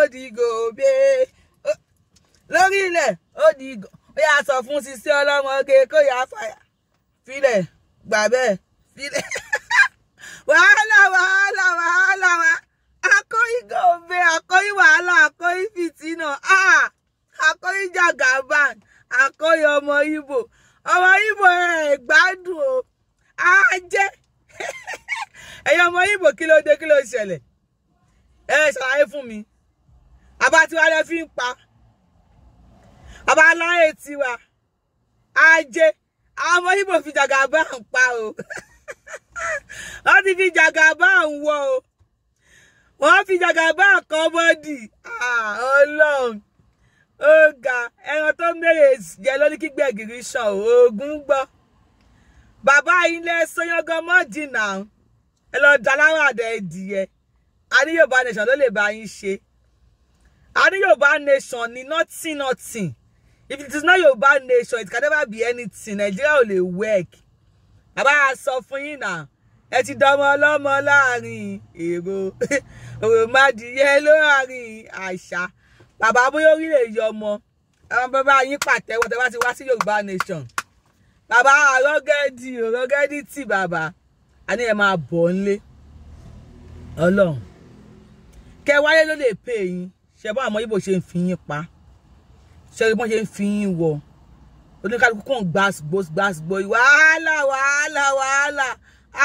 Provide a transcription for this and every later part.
ó di gòbé lórílẹ̀ ó di gò ó yà sọ fún Sisi Ọlọ́mọge kó yà fàyà filẹ̀ gbà bẹ́ẹ̀ filẹ̀ wàhálà wàhálà wàhálà wa akóyí gòbé akóyí wàhálà akóyí fìtínà akóyí jagaban akóyí ọmọ Ìgbò ọmọ Ìgbò ẹ̀ gbádùn o ajẹ́ ẹ̀yin ọmọ Ìgbò kí ló dé kí ló ṣẹlẹ̀ ẹ ṣàlàyé fún mi àbá tiwa lẹ fi ń pa àbá láyé tiwa ajé àwọn ọmọ Ìgbò fi jàgàbá ń pa o wọ́n ti fi jàgàbá ń wọ o wọ́n fi jàgàbá kan bọ́dì ah, ọlọ́run ó ga ẹran tó mẹ́rẹ̀ jẹ́ lórí kígbẹ́ gírí sàn oògùn gbọ́ bàbá ilé sọyọ́gán mọ́dínà ẹ lọ dá láwọn àdá ẹdìyẹ a ní Yorùbá nation ló lè bá yín ṣe a ní yorùbá nation ni nothing nothing if it is not yorùbá nation it can never be anything nigeria ò lè work bàbá a sọ fún yín náà ẹ ti dọmọ ọlọmọ láàrin èrò òròmọdìyẹ láàrin àṣà bàbá bóyá orí lè yọ ọmọ àwọn bàbá yín pàtẹ́wọ́ tẹ́ bá ti wá sí yorùbá nation bàbá àrọgẹdì òrọgẹdì tì bàbá a ní ẹ máa bọ̀ ńlé ọlọ́run kẹ wáyé ló lè pè yín ṣe bá àwọn ibo ṣe ń fi yín pa ṣe bọ́n ṣe ń fi yín wọ̀ oníkálukú kàn gbàs gbòs gbàs wàhálà wàhálà wàhálà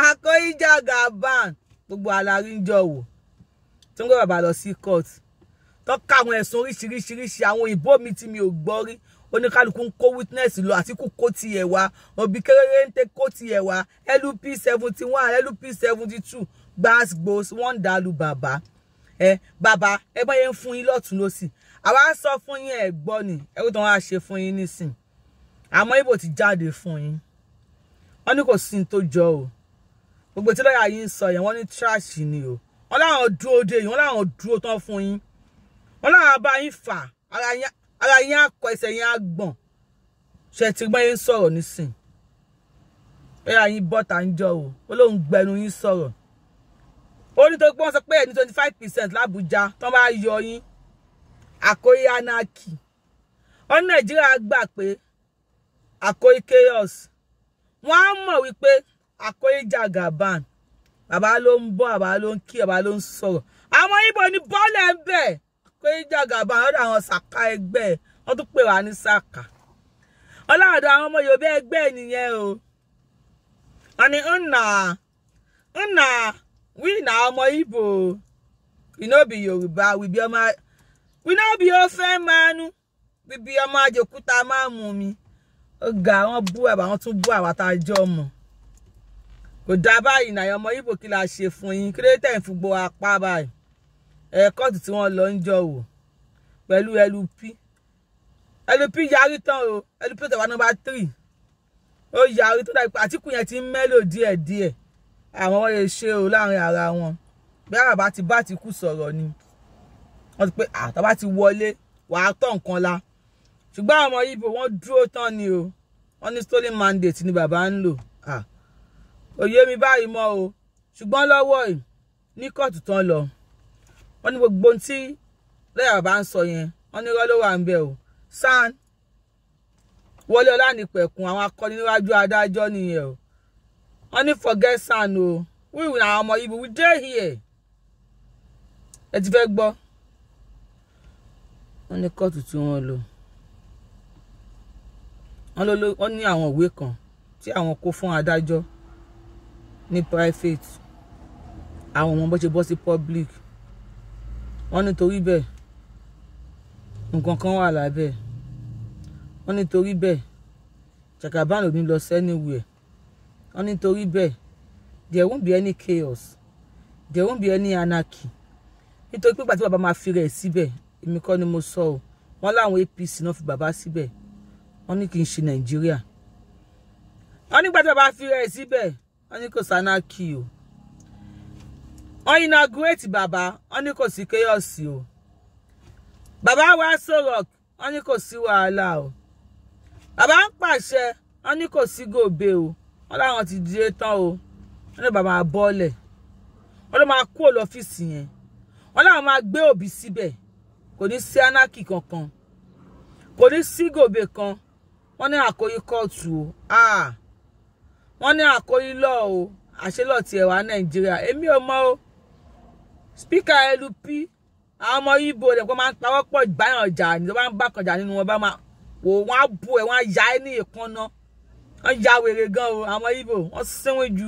àkóyíjà gaban gbogbo alárí ń jọ wò tí wọ́n gbé bàbá lọ sí court tọ́ka àwọn ẹ̀sùn oríṣiríṣiríṣi àwọn òyìnbó mi tí mi ò gbọ́ rí oníkálukú ń kó witness lọ àtìkù kó tiẹ̀ wá òbí kéréré ń tẹ kó tiẹ̀ wá LP seventy one LP seventy two gbàs gbòs wọ́n ń dalu bàbá ẹ bàbá ẹ bá yẹn fún yín lọ́tún lọ́sì àwa sọ fún yín ẹ gbọ́ ni ẹ kó tó wọn á ṣe fún yín nísìn àmọ́ ibo ti jáde fún yín wọ́n ní kò sí tó jọ o gbogbo tí lọ́ọ̀yà yín sọ yẹn wọ́n ní trash ni o wọ́n láwọn dúró dé yìí wọ́n láwọn dúró tán fún yín wọ́n láwọn bá yín fà ara yín akọ ẹsẹ̀ yín á gbọ̀n ṣe ti gbọ́n yín sọ̀rọ̀ nísìn lọ́ọ̀yà yín bọ́ta ń jọ o ó lóun gbẹnu yín sọ̀rọ̀ ó ní tó pọ́n sọ pé ẹni twenty five percent lábújá tó bá yọ yín àkóyí anarchy ó nàìjíríà gbà pé àkóyí chaos wọ́n á mọ̀ wípé àkóyí jagaban bàbá ló ń bọ́ bàbá ló ń kí bàbá ló ń sọ̀rọ̀ àwọn ibo ní bọ́ọ̀lù ń bẹ̀ àkóyí jagaban lọ́dọ̀ àwọn sàkà ẹgbẹ́ wọ́n tún pè wá ní sàkà ọlọ́dọ̀ àwọn ọmọ yorùbá ẹgbẹ́ nìyẹn o wọ́n ní ńnà we na omo igbo we no be yoruba we be omo we no be ofe manu we be omo ajokuta máa mú mi ó ga wọn bú àbá wọn tún bú àwa tá a jọ mọ kò dáa báyìí náà ọmọ ibo kí la ṣe fún yín kí lóde tẹ̀yìn fúgbọ́ apá báyìí ẹ̀ẹ́kọ́ọ̀tù tí wọ́n lọ ń jọ wò pẹ̀lú LP LP yarí tán o LP tẹ̀wá nọ́mbà tírì ó yarí tó dàgbà Àtíkù yẹn ti ń mẹ́lò díẹ̀díẹ̀ àwọn wọ́n lè ṣe o láàrin ara wọn bí àràbá ti bá ti kú sọ̀rọ̀ ni wọ́n ti pé àtàbá ti wọlé wàá tọ̀ nǹkan la ṣùgbọ́n àwọn ọmọ Ìgbò wọ́n dúró tán ni o wọ́n ní stolen mandate ni bàbá ń lò òye mi báyìí mọ́ o ṣùgbọ́n lọ́wọ́ yìí ní kóòtù tán lọ wọ́n ní gbogbo ohun tí lẹ́yà bá ń sọ yẹn wọ́n ní irọ́ ló wà ń bẹ̀ o san Wọlé Ọlánìpẹ̀kun àwọn akọni níwájú adájọ́ nìyẹn o wọn ní forget san o oh. wíwì àwọn ọmọ ibi we dey here ẹ ti fẹ́ gbọ́ wọn ní kóòtù tí wọ́n lò wọ́n ní àwọn ìwé kan tí àwọn kó fún adájọ́ ní private àwọn ọmọ bó ṣe bọ́ sí public wọ́n nítorí bẹ́ẹ̀ nǹkan kan wà lábẹ́ wọ́n nítorí bẹ́ẹ̀ jàkàbáàn ò ní lọ sẹ́niwẹ̀ẹ́ wọ́n nítorí bẹ́ẹ̀ there won't be any chaos there won't be any anarchy nítorí pé bàbá máa fi rẹ̀ síbẹ̀ èmi ni sọ APC náà fi bàbá síbẹ̀ wọ́n kì í ṣe Nàìjíríà wọ́n nígbà tí fi rẹ̀ síbẹ̀ kò o wọ́n bàbá kò chaos o bàbá wa so rock kò sí wàhálà o bàbá ń pàṣẹ o. wọ́n láwọn ti dìde tán o wọ́n ní bàbá bọ́ọ̀lẹ̀ wọ́n ló máa kúrò lọ́fíìsì yẹn wọ́n láwọn máa gbé òbí síbẹ̀ kò ní sí anaki kankan kò ní sí gòbè kan wọ́n ní àkóyí kóòtù o wọ́n ní àkóyí lọ́ o àṣelọ́ tiẹ̀ wá nàìjíríà èmi ò mọ̀ o spíkà LP àwọn ọmọ ibo rẹ̀ kó máa ń pawọ́ pọ̀ ìbáyàn ọjà ní tó bá ń bá kọjà nínú wọn bá máa wò wọ́n á bu ẹ̀ wọ́n á ya ẹ́ ní èkánná wọ́n ya wèrè gan o àwọn Ìgbò wọ́n sẹ́wọ̀n ju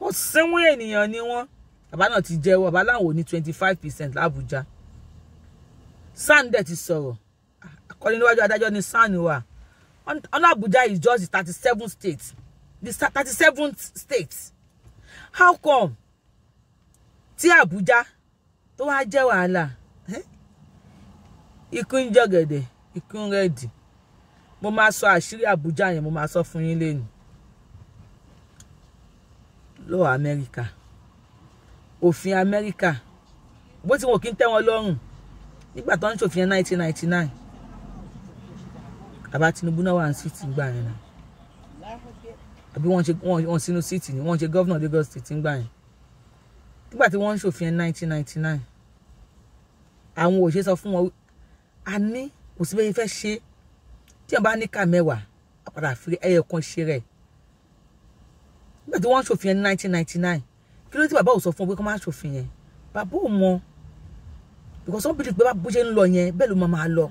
wọ́n sẹ́wọ̀n ènìyàn ni wọ́n bàbá náà ti jẹ́wọ́ bàbá láwọn ò ní twenty five percent l'Àbújá SAN dẹ̀ ti sọ̀rọ̀ akọni níwájú adájọ́ ni SAN wa. ọ̀nà Àbújá is just the thirty seven state the thirty seven state how come tí Àbújá tó wá jẹ́ wàhálà ikú ń jọ̀gẹ̀dẹ̀ ikú ń rẹ̀dì mo máa sọ àṣírí Àbújá yẹn mo máa sọ fún yín lẹ́nu lọ́wọ́ Amẹ́ríkà òfin Amẹ́ríkà bó ti wọ́n kí ń tẹ́ wọn lọ́rùn nígbà tó ń ṣòfin yẹn 1999 bàbá Tinubu náà wà ní síìtì gbà yẹn náà àbí wọ́n ṣe wọ́n sínú síìtì ni wọ́n ṣe gọ́vnà Lagos state ń gbà yẹn nígbà tí wọ́n ń ṣòfin yẹn 1999 àwọn òṣèṣọ fún wọn a ní kò sí bẹ́ẹ̀ fẹ́ ṣe é tí wọ́n bá ní ká mẹ́wàá àpàdà fi ẹyẹ kan ṣe rẹ̀ nígbà tí wọ́n ṣòfin yẹn ní nineteen ninety nine kí ló dé bàbá ò sọ fún ọ pé kó má ṣòfin yẹn bàbá ò mọ because wọ́n bìlì pé bó ṣe ń lọ yẹn bẹ́ẹ̀ ló máa máa lọ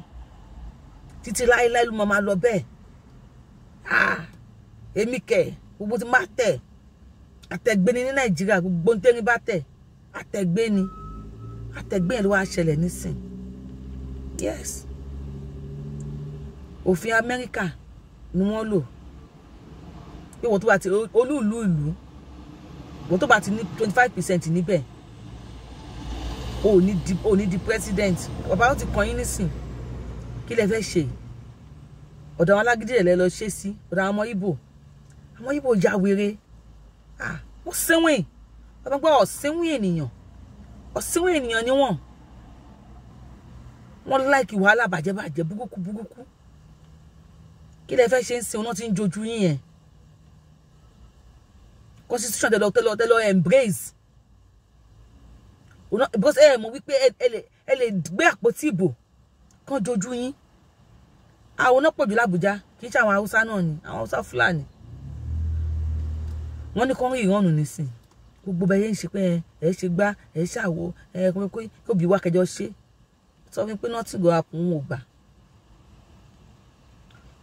títí láéláé ló máa máa lọ bẹ́ẹ̀ ah èmi kẹ gbogbo ti máa tẹ̀ àtẹ̀gbé ni ní nàìjíríà gbogbo ń tẹ́rin bá tẹ̀ àtẹ̀gbé ni àtẹ̀gbé yẹn ló wá ṣẹlẹ̀ nísìn yes òfin amẹ́ríkà ni wọ́n lò pé wọ́n tó bá ti olúùlú ìlú wọ́n tó bá ti ní twenty five percent níbẹ̀ o ò ní di o ò ní di president bàbá wọn ti kàn yín nísìn kí lẹ fẹ́ ṣe ọ̀dọ̀ àwọn alágídí rẹ̀ lẹ lọ ṣe sí ọ̀dọ̀ àwọn ọmọ ibo àwọn ibo ya wèrè ah wọ́n sẹ́wìn bàbá gbọ́ ọ̀sẹ́wìn ènìyàn ọ̀sẹ́wìn ènìyàn ni wọ́n wọ́n láìkì wàhálà bàjẹ́ búkúkú búkúkú kí lẹ fẹ́ ṣe ń sin ọ̀nà tí ń jojú yín yẹn constitution tẹlọ tẹlọ tẹlọ embrace ọ̀nà because ẹ mọ̀ wípé ẹ lè gbé àpótí ìbò kan jojú yín àwọn náà pọ̀jù làbújá kì í ṣe àwọn haúsá náà ni àwọn haúsá fúlàní wọ́n ní kọ́ rí ìrànù nísìn gbogbo bẹ́ẹ̀ ń ṣe pé ẹ ṣe gbá ẹ ṣàwo ẹ kó bí wákẹjọ ṣe sọ fún mi pé nọ́ọ̀tì gọ́ra kùn ún ò gbà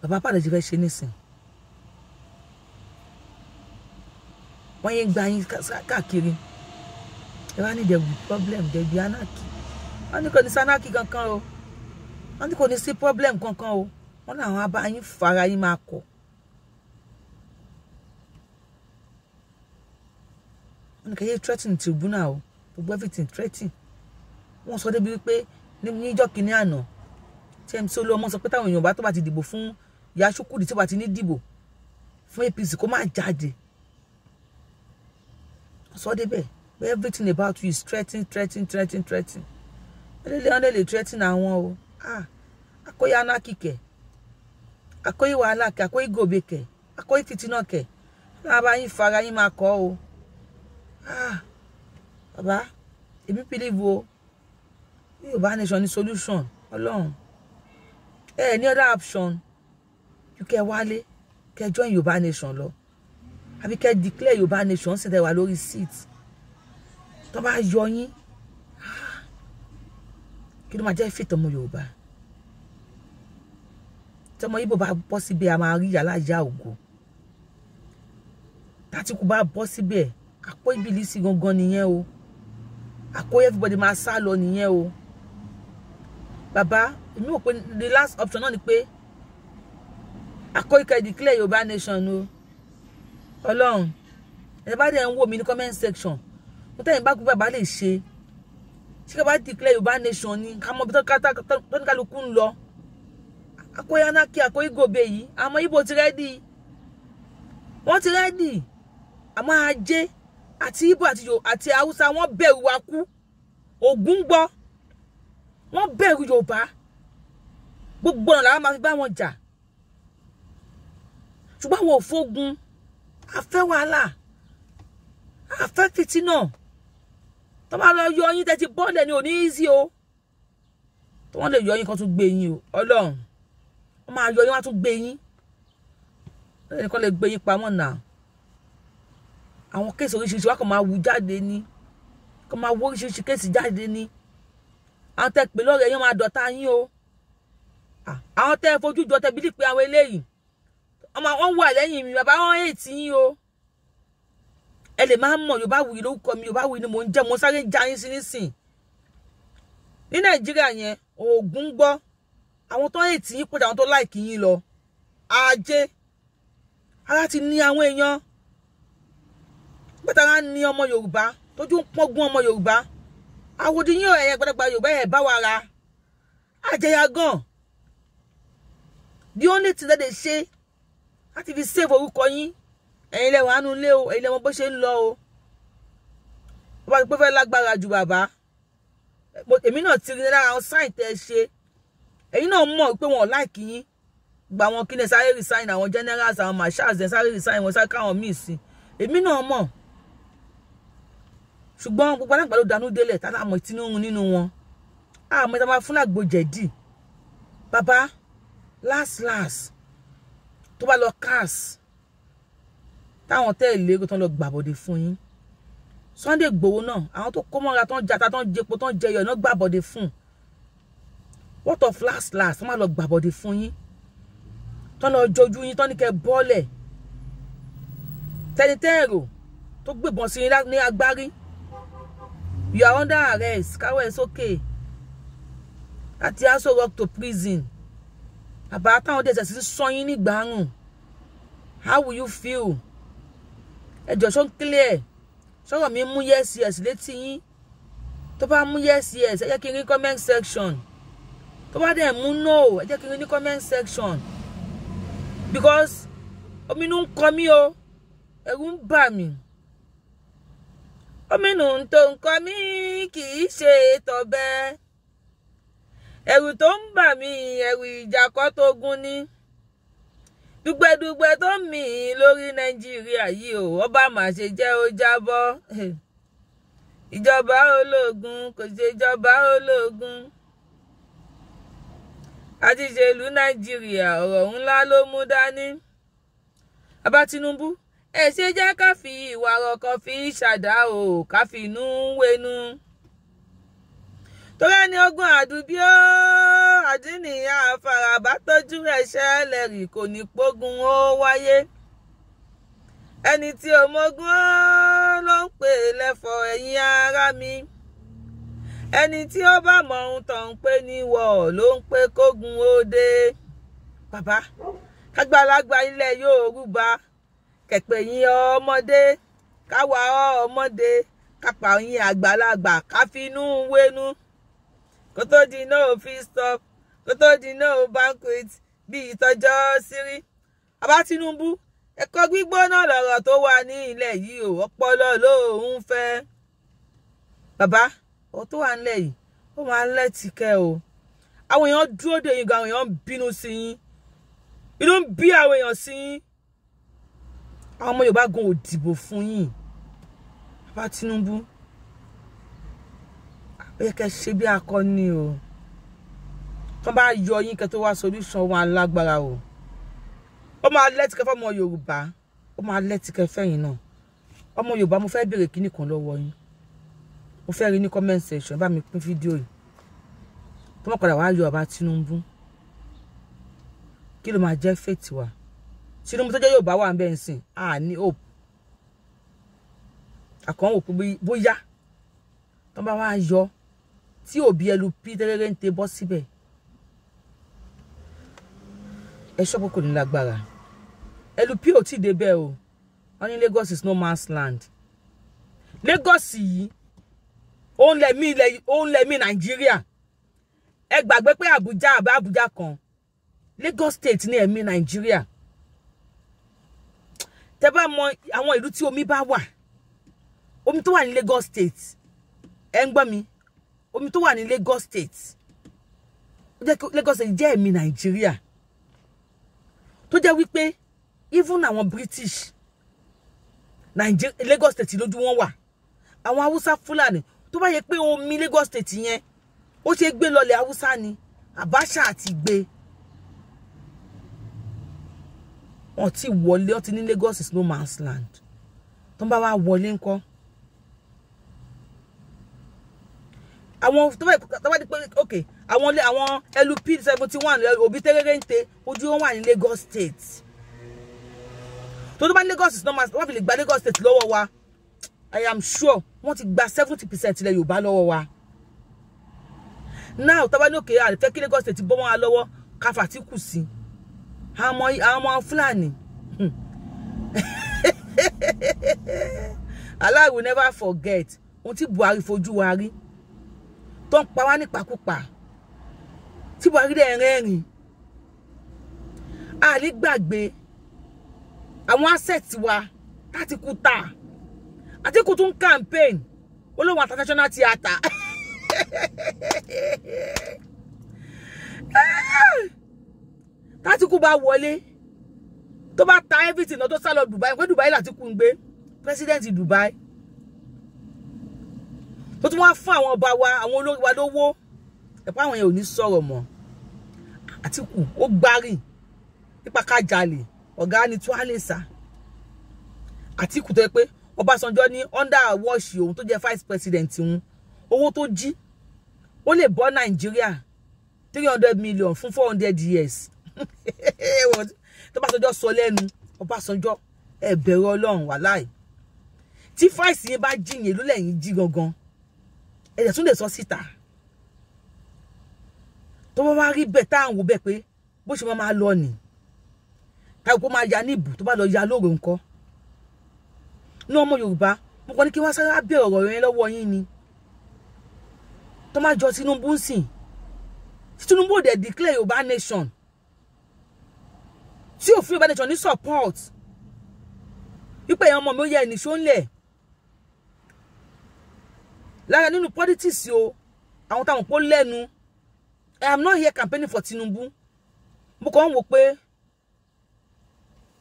bàbá pàdé ti fẹ́ ṣe nísìn wọ́n yé gba yín káàkiri ẹ wá ní there be problem there be anarchy wọ́n ní kò ní sí anarchy kankan o wọ́n ní kò ní sí problem kankan o wọ́n làwọn abá yín fara yín máa kọ̀ wọ́n ní kẹ́yẹ́ threatening tribunal o gbogbo everything threatening wọ́n sọ débi wípé níjọ́ kìíní àná tí mc olúwọmọ sọ pé táwọn èèyàn bá tó bá ti dìbò fún ìyá Ṣúkúdì tí wàá ti ní dìbò fún APC kó má jáde sọ débẹ̀ everything about you is threatening threatening threatening threatening ẹlẹ́lẹ́ ọ̀dẹ́ lè threatening àwọn o ah akóyè anaki kẹ̀ akóyè wàhálà kẹ̀ akóyè gòbè kẹ̀ akóyè fìtínà kẹ̀ lábàá yín fara yín máa kọ́ o ah bàbá èmi believe o Yorùbá nation ní solution ọlọ́run ẹ ní other option kẹ́ wálé kẹ́ join yorùbá nation lọ àbí kẹ́ declare yorùbá nation sì tẹ́ wà lórí seat tó bá yọ yín ah, kí ló máa jẹ́ fìtọ́ ọmọ yorùbá tọmọ ibo bá bọ́ síbẹ̀ a máa rí yàrá ìyá ògo tàtíkù bá bọ́ síbẹ̀ àpò ìbílísì gangan nìyẹn o àkó everybody máa sá lọ nìyẹn o bàbá èmi wò pé the last option náà ni pé Akọ́ikọ́ declare Yorùbá nation o Ọlọ́run ẹ bá dẹ̀ ń wò mí ní comment section mo tẹ́yìn bá kú bàbá lè ṣe ṣé ká bá declare Yorùbá nation ni ká mọ ibi tó ní kálukú ń lọ Akọ́yí anaki Akọ́yí gòbe yìí àmọ́ Ìgbò ti rẹ́dì wọ́n ti rẹ́dì àmọ́ ajé àti Ìgbò àti Haúsá wọ́n bẹ̀rù wa kú Ògún gbọ́ wọ́n bẹ̀rù Yorùbá gbogbo ọ̀nà làwọn máa fi bá wọn jà ṣùgbọ́n àwọn òfogun a fẹ́ wàhálà a fẹ́ fìtínà tó máa lọ yọ yín tẹ́tí bọ́ọ̀lẹ̀ ni ò ní í sí o tó wọ́n lè yọ yín kan tún gbé yín o ọlọ́run wọ́n máa yọ yín wọ́n á tún gbé yín ẹnìkan lè gbé yín pamọ́ náà àwọn kéèsì oríṣiríṣi wá kàn máa wú jáde ní kàn máa wú oríṣiríṣi kéèsì jáde ní àwọn tẹ́ pè lọ́rẹ̀ yín máa dọ̀tá yín o àwọn tẹ́ fojú jọ tẹ́ bílí pé àwọn eléyìí ọmọ wọn wà lẹ́yìn mi bàbá wọn èyí tí yín o ẹ lè máa mọ̀ yorùbá wuyì lórúkọ mi yorùbá wuyì ni mò ń jẹ́ mo sáré já yín sí nísìn ní nàìjíríà yẹn oògùn gbọ́ àwọn tó èyí tí yín pọ̀jà àwọn tó láìkì yín lọ ajé ara ti ní àwọn èèyàn pẹ̀tàrà ní ọmọ yorùbá tójú ń pọ́gun ọmọ yorùbá àwòdì yín ẹ̀yẹ gbẹdẹgbà yorùbá ẹ̀ bá wa ra àjẹyà gan the only thing that they say láti fi save orúkọ yín ẹ̀yin lẹ́wọ̀n àánú lé o ẹ̀yin lẹ́wọ̀n bó ṣe ń lọ o bàbá mi pé fẹ́ lágbára ju bàbá èmi náà ti rí lára àwọn sáìn tẹ́ ẹ ṣe ẹ̀yin náà mọ̀ pé wọn ò yín gba àwọn kí ni sáré resign àwọn generals àwọn marshals ẹ̀ sáré resign wọn sáré káwọn míì sí èmi náà mọ̀ ṣùgbọ́n gbogbo alágbà ló dànù délẹ̀ tá láàmú Tinubu nínú wọn àmọ́ ìta máa fún làgbo jẹ̀dì bàbá last last tó bá lọ cars táwọn tẹ́ẹ̀lé tó lọ gbàbọ̀dé fún yín Sunday Igboho náà àwọn tó kó mọ́ra tó ń jata tó ń jepo tó ń jẹyọ náà gbàbọ̀dé fún what of last last wọ́n máa lọ gbàbọ̀dé fún yín tó lọ jojú yín tó ní kẹ́ bọ́ọ̀lẹ̀ tẹnitẹ́ẹ̀rò tó gbébọn sí yín ní agbárí you are under arrest káwọ́ ẹ̀ sókè àti aso rock to prison bàbá táwọn dẹ̀sẹ̀ sí sọyìn ní gbàrún how will you feel ẹjọ́ ṣó ń clear sọ̀rọ̀ mi mú yes yes létí yín tó bá mú yes yes ẹ jẹ́ kí n rí comment section tó bá dẹ̀ mú no ẹ jẹ́ kí n rí ní comment section because ominú ń kọ mí o ẹ̀rù ń bà mí ominú tó ń kọ mí kì í ṣe tọ̀bẹ́. ẹ̀rù tó ń bà mí ẹ̀rù ìjàkọ́ tó gún ní dúpẹ́dúpẹ́ tó ń mì í lórí nàìjíríà yìí o ọba mà ṣe jẹ́ ó jábọ́ ìjọba ológun kò ṣèjọba ológun àti nàìjíríà ọ̀rọ̀ ńlá ló mú dání abá tinubu ẹ ṣe jẹ́ ká fi ìwà ọkọ̀ fi ṣàdá o ká fi inú torí ẹni ogún àdúbí ó àdínìyà àfàràbá tójú ẹ̀ṣẹ̀ ẹlẹ́rìí kò ní pógun ó wáyé ẹni tí ò mọ̀gún ó ló ń pè lẹ́fọ̀ ẹ̀yin ará mi ẹni tí ó bá mọ ohun tó ń pè ní wọ̀ ló ń pè kógun ó dé bàbá kágbàlagbà ilẹ̀ Yorùbá kẹ̀pẹ̀ yín ọmọdé káwa ọmọdé kápá yín àgbàlagbà káfínú wénú kó tó di iná ò fi stop kó tó di iná ò banquet bíi ìtọ́jọ́ sírí bàbá Tinubu ẹ̀kọ́ gbígbóná lọ̀rọ̀ tó wà ní ilẹ̀ yìí ò ọpọlọ lòun fẹ́ bàbá ọ tó wà nílẹ̀ yìí ó máa ń lẹ́tìkẹ́ o àwọn èèyàn dúró de yín gan àwọn èèyàn ń bínú sí yín inú ń bí àwọn èèyàn sí yín àwọn ọmọ Yorùbá gan ò dìbò fún yín bàbá Tinubu ó yẹ kẹ́ ṣe bí akọni o kán bá yọ yín kẹ́ tó wá solution wọn alágbára o ó máa lẹ́tì kẹfẹ́ ọmọ yorùbá ó máa lẹ́tì kẹfẹ́ yìí náà ọmọ yorùbá mo fẹ́ béèrè kíní kan lọ́wọ́ yín mo fẹ́ rí ní comment section bá mi pín fídíò yìí tó mọ̀ padà wàá yọ ọba Tinubu kí ló máa jẹ́ fètì wa Tinubu tó jẹ́ yorùbá wà ń bẹ́ẹ̀ sìn á ní hope àkànwò pé bóyá tó bá wàá yọ tí òbí LP tẹ́lẹ́rẹ́ ń tẹ bọ́ síbẹ̀ ẹ ṣọ́ pé kò ní lágbára ò tí ì débẹ̀ o wọ́n ní Lagos is no mass land Lagos yìí òun lẹ̀mí òun lẹ̀mí Nàìjíríà ẹ gbàgbé pé Àbújá àbá Àbújá kan Lagos state ní ẹ̀mí Nàìjíríà tẹ bá mọ àwọn ìlú tí omi bá wà omi tó wà ní Lagos state ẹ ń gbọ́ mi omi tó wà ní Lagos state ó jẹ́ Lagos state jẹ́ ẹ̀mí Nàìjíríà tó jẹ́ wípé even àwọn British Lagos state lójú wọn wà àwọn Haúsá Fúlàní tó bá yẹ pé omi Lagos state yẹn ó ṣe gbé lọlẹ̀ Haúsá ni Abacha àti gbé wọn ti wọlé ọtí ní Lagos is no man's land tó ń bá wa wọlé ńkọ́ àwọn tó bá di pé ok àwọn àwọn LP seventy one òbí tẹ́rẹ́rẹ́ ń tẹ ojú wọn wà ní Lagos state tó tó bá ní Lagos state normal wọ́n fi lè gba Lagos state lọ́wọ́ wa I am sure wọ́n ti gba seventy percent ilẹ̀ Yorùbá lọ́wọ́ wa now tó bá ní òkè àlefẹ́ kí Lagos state bọ́ wọn lọ́wọ́ káfà tí kù sí àwọn ọmọ Fúlàní hmm. Allah will never forget ohun tí Buhari fojú wa rí tó ń pa wá nípakúpa tí buhari dẹ̀ rẹ́rìn àní gbàgbé àwọn assets wa láti kú ta àtìkù tún campaign olóhùn international theatre tátìkù bá wọlé tó bá ta everything lọ tó sá lọ Dubai pé Dubai làtìkù ń gbé president Dubai tó tún wá fún àwọn ọba wa àwọn olórí wa lówó ẹ̀pọ̀ àwọn yẹn ò ní sọ̀rọ̀ mọ́ Àtíkù ó gbárì nípa ká jalè ọ̀gá ni Tualesa Àtíkù tó yẹ pé Ọbásanjọ́ ní under watch òun tó jẹ́ vice president òun owó tó jí ó lè bọ́ Nàìjíríà three hundred million fún four hundred years tọ́básanjọ́ sọ lẹ́nu Ọbásanjọ́ ẹ bẹ̀rù Ọlọ́run wàláì tí fáìsì yẹn bá jiyàn ló lẹ́yìn jí gangan ẹ̀jẹ̀ tún lè sọ síta tó bá wá rí bẹ́ẹ̀ tá à ń wo bẹ́ẹ̀ pé bó ṣe máa lọ nì táwọn kó máa ya ní ìbù tó bá lọ ya lóòrè ńkọ́ ní ọmọ Yorùbá mo kọ́ ní kí wọ́n sáré wá bẹ̀rẹ̀ ọ̀rọ̀ yẹn lọ́wọ́ yín ni tó máa jọ Tinubu ń sìn Tinubu ò dẹ̀ declare Yorùbá nation tí òfin Yorùbá nation ní support wípé ẹ̀yàn ọmọ mi ó yẹ ẹnì ṣó ń lẹ̀ lára nínú politics o àwọn táwọn pọ̀ lẹ́nu I am not here campaigning for Tinubu mo kàn ń wò pé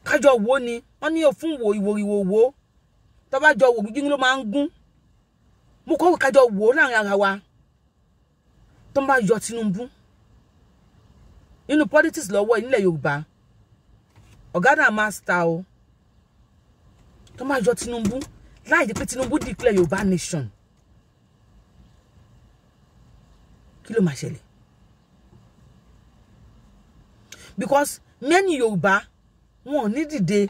kájọ wo ni wọ́n ní òfin wo ìwòrìwò wo tọ́bájọ wò gígùn ló máa ń gún mo kàn wò kájọ wo láàrin ara wa tó ń bá yọ Tinubu nínú politics lọ́wọ́ nílẹ̀ Yorùbá ọ̀gá náà máa sta o tó ń bá yọ Tinubu láì jẹ́ pé Tinubu declare Yorùbá nation kí ló máa ṣẹlẹ̀ because many yorùbá wọn ò ní dìde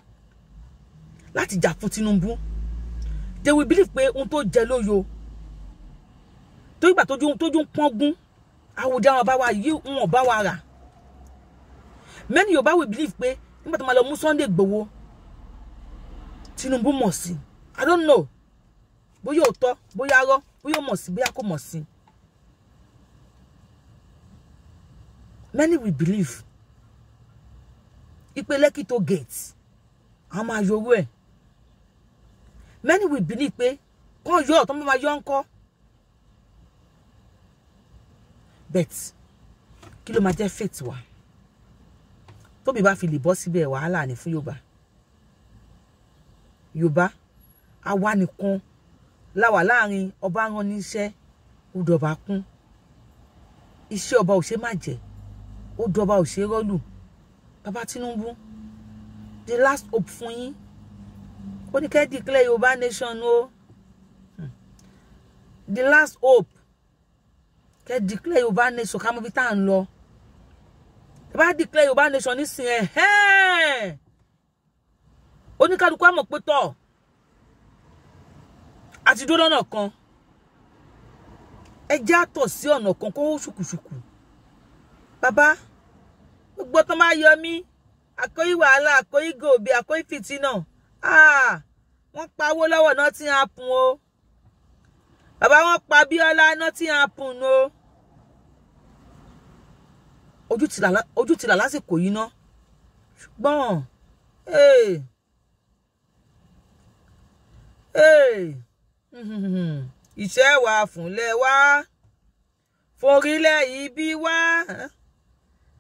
láti jà fún Tinubu they will believe pé ohun tó jẹ lóyo tó ìgbà tójú tójú ń pọ́ngún àwùjọ àwọn ọba wa yìí wọn ọba wa rà many yorùbá will believe pé nígbà tó máa lọ mú Sunday Igboho Tinubu mọ̀ sí i don't know bóyá òótọ́ bóyá arọ́ bóyá mọ̀ sí bóyá kò mọ̀ sí i many will believe ipe Lekki tó gate àwọn máa yọ owó many will believe pé kàn yo to máa yọ ńkọ́ bet kilo ló máa jẹ́ fate wa tóbi ba fi lè bọ́ síbẹ̀ wàhálà ni fún Yorùbá Yorùbá àwa nìkan láwà láàrin ọba rán níṣẹ́ udọba kún iṣẹ́ ọba ò ṣe má jẹ́ ó dọba òṣèrọ́lù bàbá Tinubu the last hope fún yín ó ní kẹ́ declare Yorùbá nation o hmm. the last hope kẹ́ declare Yorùbá nation ká mọ̀ bí tá à ń lọ bá declare Yorùbá nation nísìnyẹ oníkálukú àmọ̀ pé tọ̀ àti dúró lọ́nà kan ẹ já tọ̀ sí ọ̀nà kan kó ṣùkùṣùkù bàbá gbogbo tó máa yọ mí àkóyí wàhálà àkóyí gòbí àkóyí fìtínà ah, wọ́n pa owó lọ́wọ́ náà tí wọ́n pun o bàbá wọn pa Bíọ́lá náà tí wọ́n pun o ojú tìlà lásìkò yìí ná ṣùgbọ́n iṣẹ́ eh, eh, wà fúnlẹ̀ wá forílẹ̀ ibi wá. Eh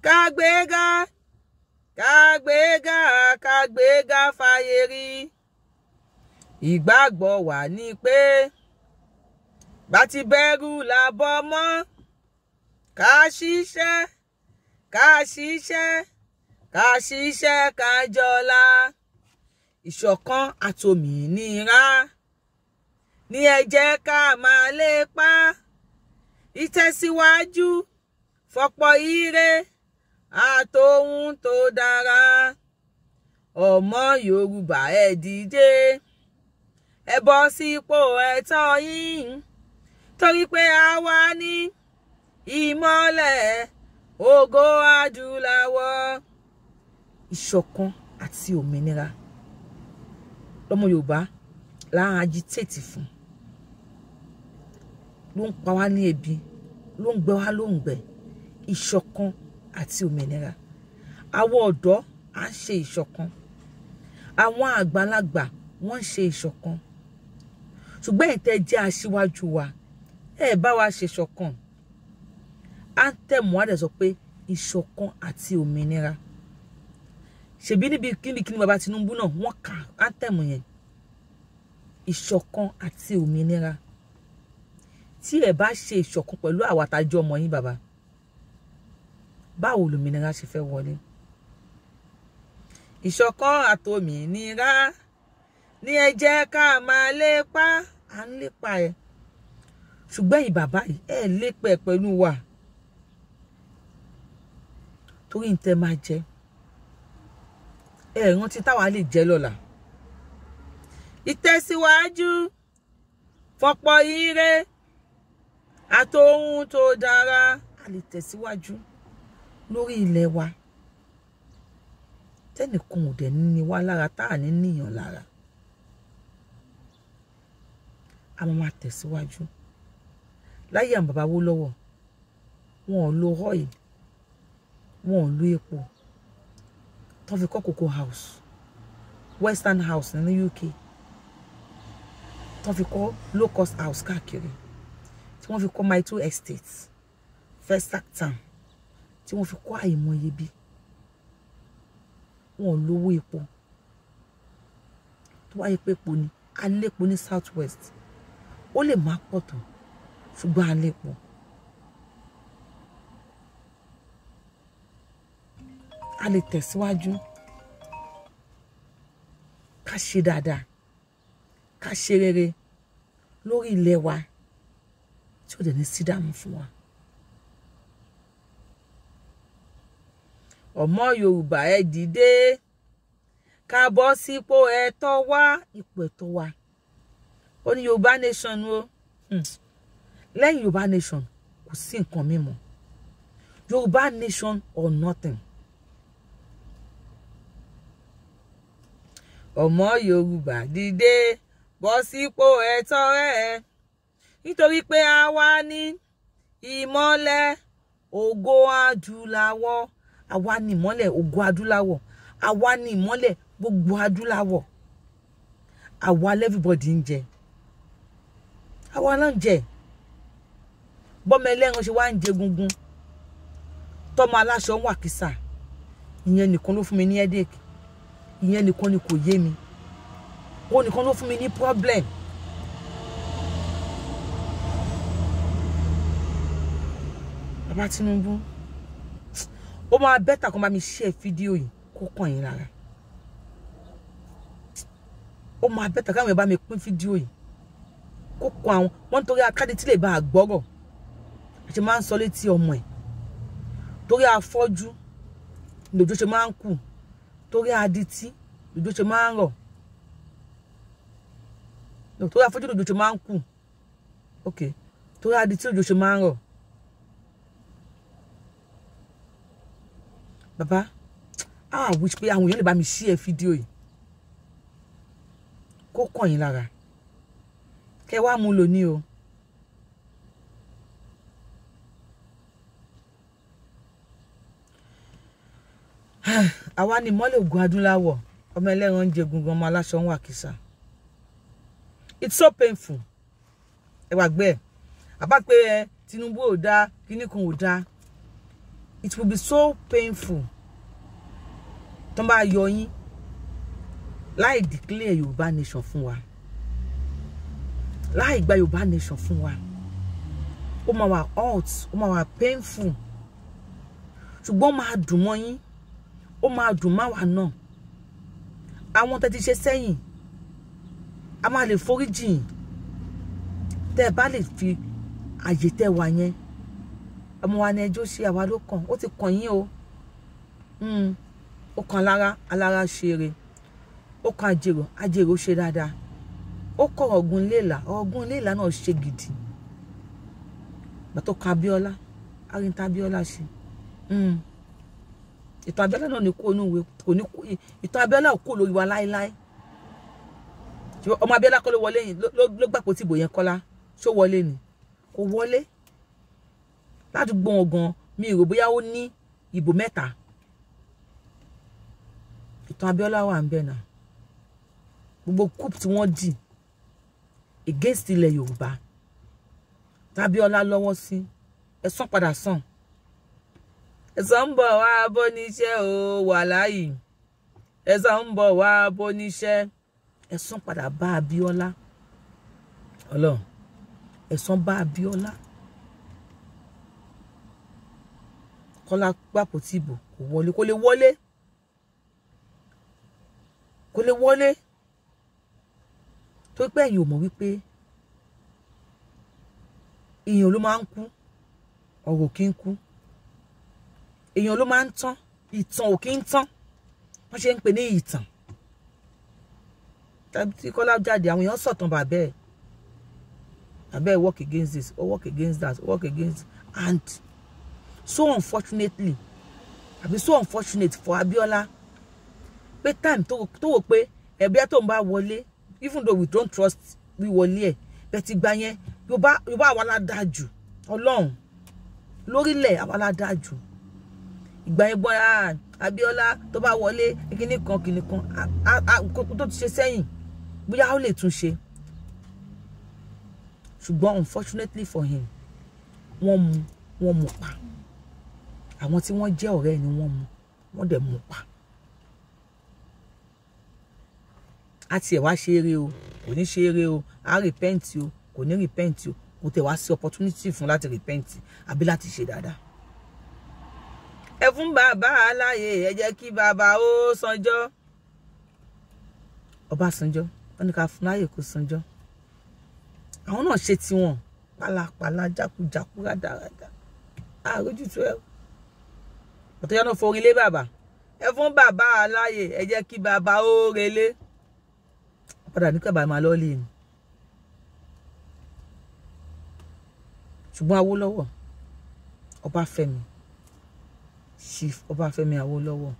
kágbéga kágbéga kágbéga fàyè rí ìgbàgbọ́ wa ni pé bá ti bẹ̀rù là bọ́ mọ́ ká ṣiṣẹ́ ká ṣiṣẹ́ ká ṣiṣẹ́ ká jọlá ìṣọ̀kan àtòmìnira ní ẹ ká máa lépa ìtẹ̀síwájú fọ̀pọ̀ ire àtòhun tó dára ọmọ yorùbá ẹ dìde ẹ bọ́ sípò ẹ̀tọ́ yín torí pé a wà ní ìmọ́lẹ̀ ògo adúláwọ̀ ìṣọ̀kan àti òmìnira lọ́mọ yorùbá là ń agitate fún ló ń pa wá ní ebi ló ń gbẹ wá ló ń gbẹ ìṣọ̀kan àti òmìnira àwọn ọ̀dọ́ à ń ṣe ìṣọ̀kan àwọn àgbàlagbà wọ́n ń ṣe ìṣọ̀kan ṣùgbọ́n ìtẹ́ jẹ́ aṣíwájú wa ẹ bá wa ṣe ìṣọ̀kan anthem wa dẹ̀ sọ pé ìṣọ̀kan àti òmìnira ṣèbí níbi kíndìnkíndì bàbá Tinubu náà wọ́n ka anthem yẹn ìṣọ̀kan àti òmìnira tí ẹ bá ṣe ìṣọ̀kan pẹ̀lú àwàtàjọ ọmọ yín bàbá báwo lòmìnira ṣe fẹ́ wọlé ìṣọ̀kan àtòmìnira ní ẹ jẹ́ ká máa lépa à ń lépa ẹ̀ ṣùgbọ́n ẹ̀yin bàbá yìí ẹ̀ lépa ẹ̀ pẹ̀lú wa torí ń tẹ́ máa jẹ ẹ̀ rántí táwa lè jẹ lọ́la ìtẹ̀síwájú fọpọ̀ ire àtohun tó dára a lè tẹ̀síwájú. Si lórí ilẹ̀ wa tẹ́nìkan ò dẹ̀ ní wá lára tá à ní níyàn lára a máa máa tẹ̀síwájú láyé àwọn bàbá wó lọ́wọ́ wọn ò lo ọ́ì wọn ò lo epo tó fi kọ́ cocoa house western house ní UK tó fi kọ́ low cost house káàkiri tí wọ́n fi kọ́ my two estates Festac Town tí wọ́n fi kó àìmọye bí wọn ò lówó epo tó wáyé pé epo ni alẹ́po ní south west ó lè má pọ̀ tó ṣùgbọ́n alẹ́po. a lè tẹ̀síwájú ká ṣe dáadáa ká ṣe rere lórí ilẹ̀ wa tí ó dẹ̀ ní sídàmù fún wa. ọmọ yorùbá ẹ dìde ká bọ́ sípò ẹ̀tọ́ wa ipò ẹ̀tọ́ wa ó ní yorùbá nation o hmm. lẹ́yìn yorùbá nation kò sí nǹkan mímọ́ yorùbá nation or nothing. ọmọ yorùbá dìde bọ́ sípò ẹ̀tọ́ ẹ nítorí pé a wà ní ìmọ́lẹ̀ ògo adúláwọ̀ àwa ni ìmọ́lẹ̀ ògo adúláwọ̀ àwa ni ìmọ́lẹ̀ gbogbo adúláwọ̀ àwa lẹ́fìbọ̀dì ń jẹ àwa náà jẹ bọ́mọ ṣe wá ń jẹ gungun tọ́mọ aláṣọ ń wà kìsà ìyẹn nìkan ló fún mi ní headache ìyẹn nìkan ni kò yé mi òun nìkan ló fún mi ní problem. bàbá Tinubu o máa bẹ́tà kó bá mi share fídíò yìí kó kàn yín lára ó máa bẹ́tà káwọn èèyàn bá mi pín fídíò yìí kó kàn àwọn wọn nítorí akáde tí lè bá a gbọ́rọ̀ àti máa ń sọ létí ọmọ ẹ̀ torí afọ́jú lòjó ṣe máa ń kù torí adití lòjó ṣe máa ń rọ̀ torí afọ́jú lòjó ṣe máa ń kù ok torí adití lòjó ṣe máa ń rọ̀. Baba, ah wish pé àwọn èèyàn lè bá mi ṣí ẹ fídíò yìí kó kàn yín lára kẹ wá mú lò o. àwa ni mọ́lẹ̀ ògùn adúláwọ̀ ọmọ ẹlẹ́ran ń jẹ gungan ọmọ aláṣọ ń wà it's so painful ẹ wà gbẹ àbá pé ẹ Tinubu ò dáa kíníkan ò dáa it will be so painful tó bá yọ yín láì declare yorùbá nation fún wa láì gba yorùbá nation fún wa ó máa wà hot ó máa wà painful ṣùgbọ́n ó máa dùn mọ́ yín ó máa dùn má wà náà àwọn tẹ́ ṣe sẹ́yìn a máa lè foríjìn tẹ́ ẹ bá lè fi àyè tẹ́ wà yẹn ọmọ wa ni ẹjọ́ ṣe àwa ló kàn ó ti kàn yín o hmm. ó kàn lára alára ṣeré ó kàn àjèrò àjèrò ṣe dáadáa ó kọ̀ ọ̀gùn léèlà ọ̀gùn léèlà náà ṣe gidi bàtọ́ kan Abíọ́lá arìntà Abíọ́lá ṣe hmm. ìtàn Abíọ́lá náà ní kó inú ìwé kò ní kó ìtàn Abíọ́lá kò lórí wa láéláé ọmọ Abíọ́lá kọ́ ló wọlé yìí ló gbà pé ó ti bò yẹn kọ́lá ṣó wọlé ni kò wọlé ládùúgbò wọn gan mi rò bóyá ó ní ìbò mẹ́ta ìtàn Abíọ́lá wà ń bẹ náà gbogbo coup tí wọ́n dì against ilẹ̀ Yorùbá tábíọ́lá lọ́wọ́ sí ẹ̀sán padà sàn ẹ̀sán ń bọ̀ wá bó níṣẹ́ o wà láàyè ẹ̀sán ń bọ̀ wá bó níṣẹ́ ẹ̀sán padà bá Abíọ́lá ọlọ́run ẹ̀sán bá Abíọ́lá. kọ́lá gbàpótí ìbò kò wọlé kò lè wọlé kò lè wọlé tó pé ẹ̀yin ò mọ̀ wípé èèyàn ló máa ń kú ọ̀rọ̀ kì í kú èèyàn ló máa ń tán ìtàn ò kì í tán wọ́n ṣe ń pè ní ìtàn tí Kọ́lá jáde àwọn èèyàn sọ̀tàn bàbẹ́ ẹ̀ bàbẹ́ ẹ̀ work against this or work against that or work against and so unfortunately àbí so unfortunate for Abiola pé time tó wò pé ẹbí ẹ tó ń bá wọlé even though we don't trust wíwọlé ẹ bẹ́ẹ̀ ti gba yẹn yorùbá àwa la dáa jù ọlọ́run lórílẹ̀ àwa la dáa jù ìgbà yẹn gbọ́n ah, Abiola tó bá wọlé kíní kan kíní kan tó ti ṣe sẹ́yìn bóyá ó lè tún ṣe ṣùgbọ́n unfortunately for him wọ́n mú wọ́n mú pa àwọn tí wọ́n jẹ́ ọ̀rẹ́ ni wọ́n mú wọ́n dẹ̀ mú pa á tiẹ̀ wá ṣe eré o kò ní ṣe eré o á rìpẹ́ǹtì o kò ní rìpẹ́ǹtì o kò tẹ̀ wá sí opportunity fún láti rìpẹ́ǹtì àbí láti ṣe dáadáa ẹ fún bàbá aláyè ẹ jẹ́ kí bàbá ó sanjọ́ Ọbásanjọ́ wọ́n ní ká fún láyè kó sanjọ́ àwọn náà ṣe tiwọn pálapàla jákujáku rádaràda àrójútó ẹ̀rọ Ọ̀tọ́yọ́nà forí lé bàbá ẹ fún bàbá aláyè ẹ jẹ́ kí bàbá ó relé padà ní kàbá máa lọ lè ní. ṣùgbọ́n Awólọ́wọ̀ Ọbáfẹ́mi Chief Ọbáfẹ́mi Awólọ́wọ̀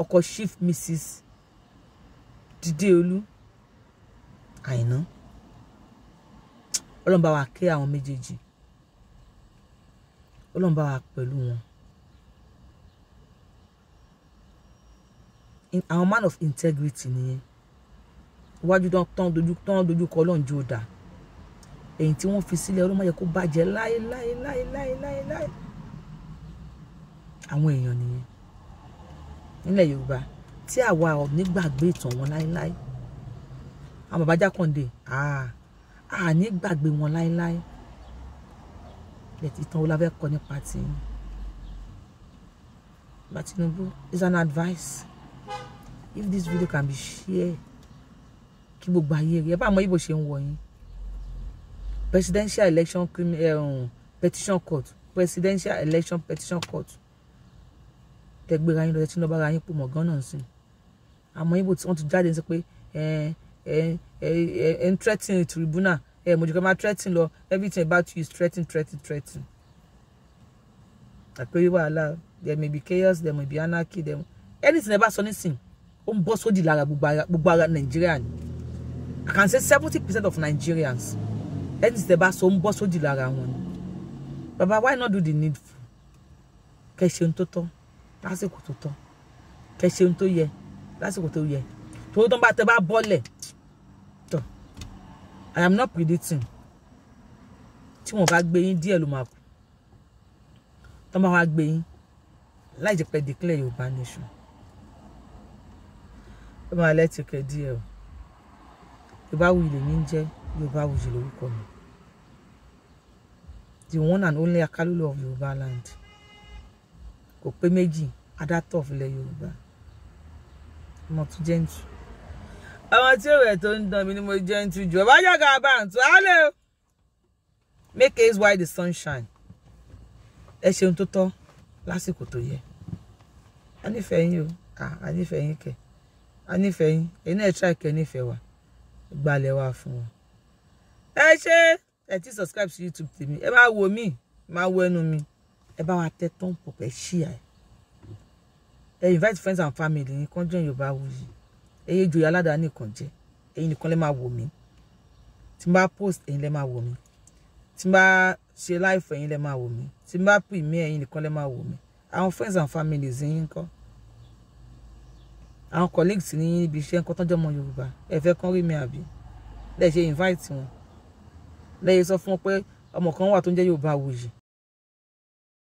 ọkọ Chief Mrs Dídéolú Àìná ọlọ́run bá wa kẹ́ àwọn méjèèjì ọlọ́run bá wa pẹ̀lú wọn àwọn man of integrity nìyẹn iwájú tán dojú tán dojú kọ ọlọ́run jó dà èyí tí wọ́n fi sílẹ̀ ọlọ́run má yẹ kó bàjẹ́ láé láé láé láé láé láé àwọn èèyàn nìyẹn nílẹ̀ yorùbá tí àwa ò ní gbàgbé ìtàn wọn láéláé àwọn bàbá jákàndé à ní gbàgbé wọn láéláé ìtàn wo la fẹ́ kọ nípa ti bá Tinubu is an advice if this video can be shared kí gbogbo ayé rí ẹ bá mọ ibo ṣe ń wọ yín presidential election eh, um, petition court presidential election petition court tẹgbẹ́ra yín lọ tí lọ́ba ara yín pò mọ̀ gan-an sí àmọ́ ibo tí wọ́n ti jáde sí pé eh, eh, ẹ ẹ ẹ ń threaten tribunal ẹ mọ̀jọ̀ká máa threaten lọ everything about you is threaten threaten threaten àpérí wàhálà there may be chaos there may be anarchy there anything ẹ bá sọ nísìnyí ó ń bọ́ sódì lára gbogbo ara nàìjíríà ni I can say seventy percent of Nigerians ẹni tẹ́ bá sọ ń bọ́ sódì lára wọn ni baba why not do the needful kẹ́ ṣe ohun tó tọ́ lásìkò tó tọ́ kẹ́ ṣe ohun tó yẹ lásìkò tó yẹ torí tó bá tẹ́ bá bọ́lẹ̀ tọ́ I am not predicting tí wọ́n bá gbé yín díẹ̀ ló máa kú tó ń bá wa gbé yín láì jẹ́ pé declare Yorùbá nation ẹ máa lẹ́tìkẹ́ díẹ̀ o Yorùbáwùyí lèmi ń jẹ́ Yorùbáwùyí lórúkọ mi the one and only akálùlù of Yorùbá land kò pé méjì adátọ̀ fúnlẹ̀ Yorùbá ọmọ tún jẹ́ ń tù àwọn tí òwe tó ń dán mi ni mo jẹ́ ń tù jù ọba jàgà bá ń tù o make haze while the sun shine ẹ ṣeun tó tọ́ lásìkò tó yẹ a nífẹ̀ẹ́ yín o a nífẹ̀ẹ́ yín kẹ̀ a nífẹ̀ẹ́ yín ẹ̀yin náà ẹ try kẹ́ nífẹ̀ẹ́ wa gbalẹ̀ wa fún wa. ẹ ṣe ẹ ti subscribe sí youtube tèmi ẹ bá wo mí máa wo ẹnu mi ẹ bá wa tẹ tán pọ̀ pẹ́ share ẹ invite friends and family yín kán join yorùbá wuyì ẹ yé joyè aládàá nìkan jẹ ẹ̀yin nìkan lẹ máa wò mí tí n bá post ẹ̀yin lẹ máa wò mí tí n bá ṣe live ẹ̀yin lẹ máa wò mí tí n bá pè mí ẹ̀yin nìkan lẹ máa wò mí àwọn friends and families yín kọ́ àwọn colleagues ní ibi iṣẹ́ nǹkan tọ́jọ́ ọmọ yorùbá ẹ fẹ́ kán rí mi àbí lẹ́yìn ṣe invite wọn lẹ́yìn sọ fún wọn pé ọmọ kan wà tó ń jẹ́ yorùbá wòye